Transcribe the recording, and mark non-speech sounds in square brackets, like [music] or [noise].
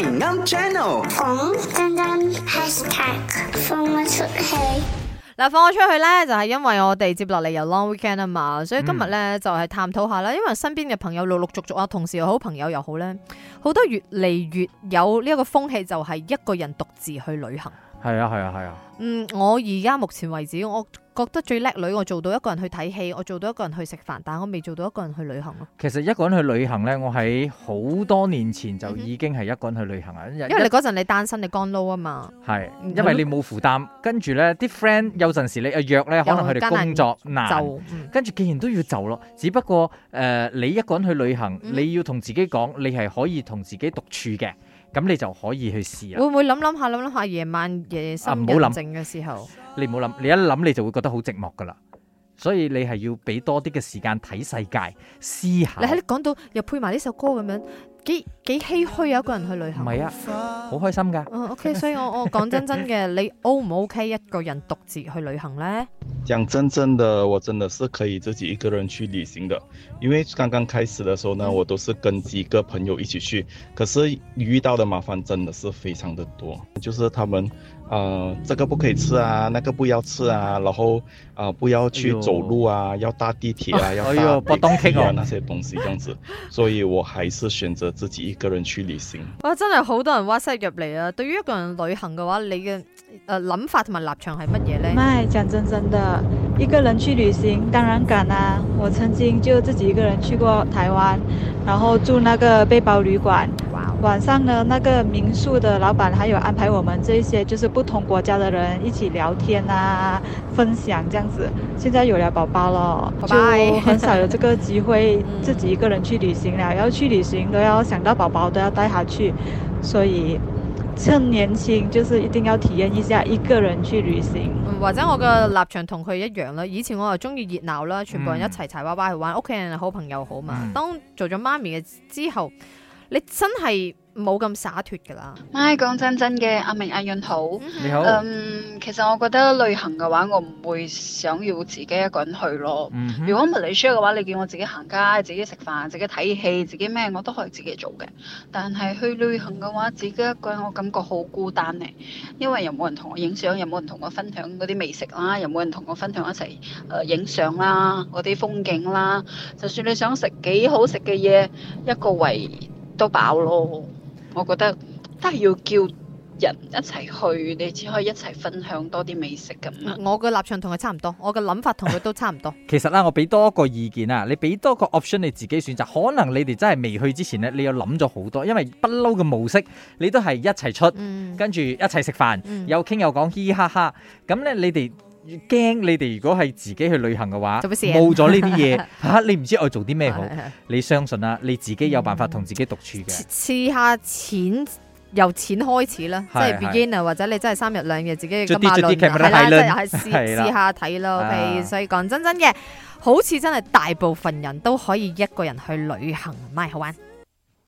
Long channel，房真真 hashtag 放我出去。嗱，放我出去呢，就係因為我哋接落嚟有 long weekend 啊嘛，所以今日呢就係探討下啦。因為身邊嘅朋友陸陸續續啊，同事又好，好，朋友又好呢，好多越嚟越有呢一個風氣，就係一個人獨自去旅行。係啊係啊係啊！啊啊嗯，我而家目前為止，我覺得最叻女，我做到一個人去睇戲，我做到一個人去食飯，但我未做到一個人去旅行咯。其實一個人去旅行咧，我喺好多年前就已經係一個人去旅行啊。因為你嗰陣你單身，你乾撈啊嘛。係，因為你冇負擔，跟住咧啲 friend 有陣時你約咧，可能佢哋工作難，跟住既然都要就咯。嗯、只不過誒、呃，你一個人去旅行，你要同自己講，你係可以同自己獨處嘅。咁你就可以去試啊！會唔會諗諗下、諗諗下夜晚夜深夜靜嘅時候？啊、你唔好諗，你一諗你就會覺得好寂寞噶啦。所以你係要俾多啲嘅時間睇世界、思考。你喺度講到又配埋呢首歌咁樣，幾幾唏噓啊！一個人去旅行。唔係啊，好開心噶。嗯 [laughs] ，OK。所以我我講真真嘅，你 O 唔 OK 一個人獨自去旅行咧？講真真的，我真的是可以自己一個人去旅行的，因為剛剛開始的時候呢，我都是跟幾個朋友一起去，可是遇到的麻煩真的是非常的多，就是他們，啊、呃，這個不可以吃啊，那個不要吃啊，然後，啊、呃，不要去走路啊，哎、呦要搭地鐵啊，哎、呦要搭地鐵啊，哎、呦那些東西這樣子，哎、呦所以我還是選擇自己一個人去旅行。 [laughs] 哇，真係好多人 WhatsApp 入嚟啊！對於一個人旅行的話，你嘅。呃，諗法同埋立場係乜嘢咧？唔係，講真真的，一個人去旅行當然敢啊，我曾經就自己一個人去過台灣，然後住那個背包旅館。Wow. 晚上呢，那個民宿的老闆還有安排我們這些就是不同國家的人一起聊天啊，分享這樣子。現在有了寶寶了，就很少有這個機會自己一個人去旅行了。要去旅行都要想到寶寶都要帶下去，所以。趁年輕，就是一定要體驗一下一個人去旅行，或者我嘅立場同佢一樣啦。以前我又中意熱鬧啦，全部人一齊齊哇哇去玩，屋企、嗯、人、好朋友好嘛。嗯、當做咗媽咪嘅之後。你真係冇咁灑脫㗎啦。唉，係講真真嘅，阿明阿潤好。你好、mm。嗯、hmm.，um, 其實我覺得旅行嘅話，我唔會想要自己一個人去咯。Mm hmm. 如果唔係你出嘅話，你叫我自己行街、自己食飯、自己睇戲、自己咩，我都可以自己做嘅。但係去旅行嘅話，自己一個人，我感覺好孤單咧。因為又冇人同我影相，又冇人同我分享嗰啲美食啦，又冇人同我分享一齊誒影相啦，嗰啲風景啦。就算你想食幾好食嘅嘢，一個圍。都飽咯，我覺得都係要叫人一齊去，你只可以一齊分享多啲美食咁。我嘅立場同佢差唔多，我嘅諗法同佢都差唔多。 [laughs] 其實啦，我俾多一個意見啊，你俾多個 option，你自己選擇。可能你哋真係未去之前呢，你又諗咗好多，因為不嬲嘅模式，你都係一齊出，嗯、跟住一齊食飯，嗯、有傾又講，嘻嘻哈哈。咁呢，你哋。驚你哋如果係自己去旅行嘅話，冇咗呢啲嘢吓，你唔知我做啲咩好。你相信啦，你自己有辦法同自己獨處嘅。試下錢由錢開始啦，即係 beginner 或者你真係三日兩夜自己咁啊，係啦，即係又係試下睇咯。所以講真真嘅，好似真係大部分人都可以一個人去旅行，唔係好玩。